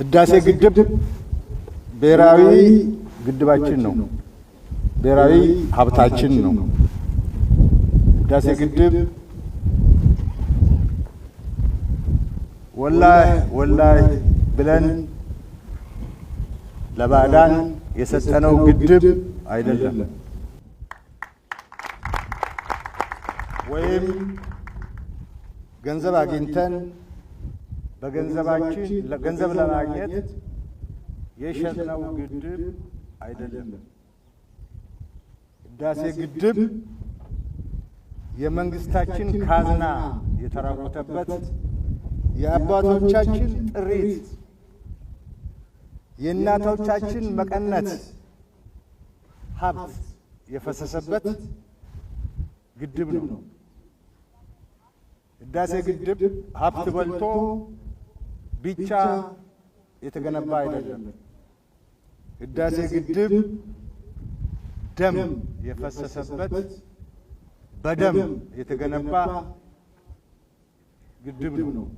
ህዳሴ ግድብ ብሔራዊ ግድባችን ነው፣ ብሔራዊ ሀብታችን ነው። ህዳሴ ግድብ ወላይ ወላይ ብለን ለባዕዳን የሰጠነው ግድብ አይደለም ወይም ገንዘብ አግኝተን በገንዘባችን ገንዘብ ለማግኘት የሸጥነው ግድብ አይደለም። ህዳሴ ግድብ የመንግስታችን ካዝና የተራቆተበት የአባቶቻችን ጥሪት፣ የእናቶቻችን መቀነት ሀብት የፈሰሰበት ግድብ ነው። ህዳሴ ግድብ ሀብት በልቶ ብቻ የተገነባ አይደለም። ህዳሴ ግድብ ደም የፈሰሰበት በደም የተገነባ ግድብ ነው።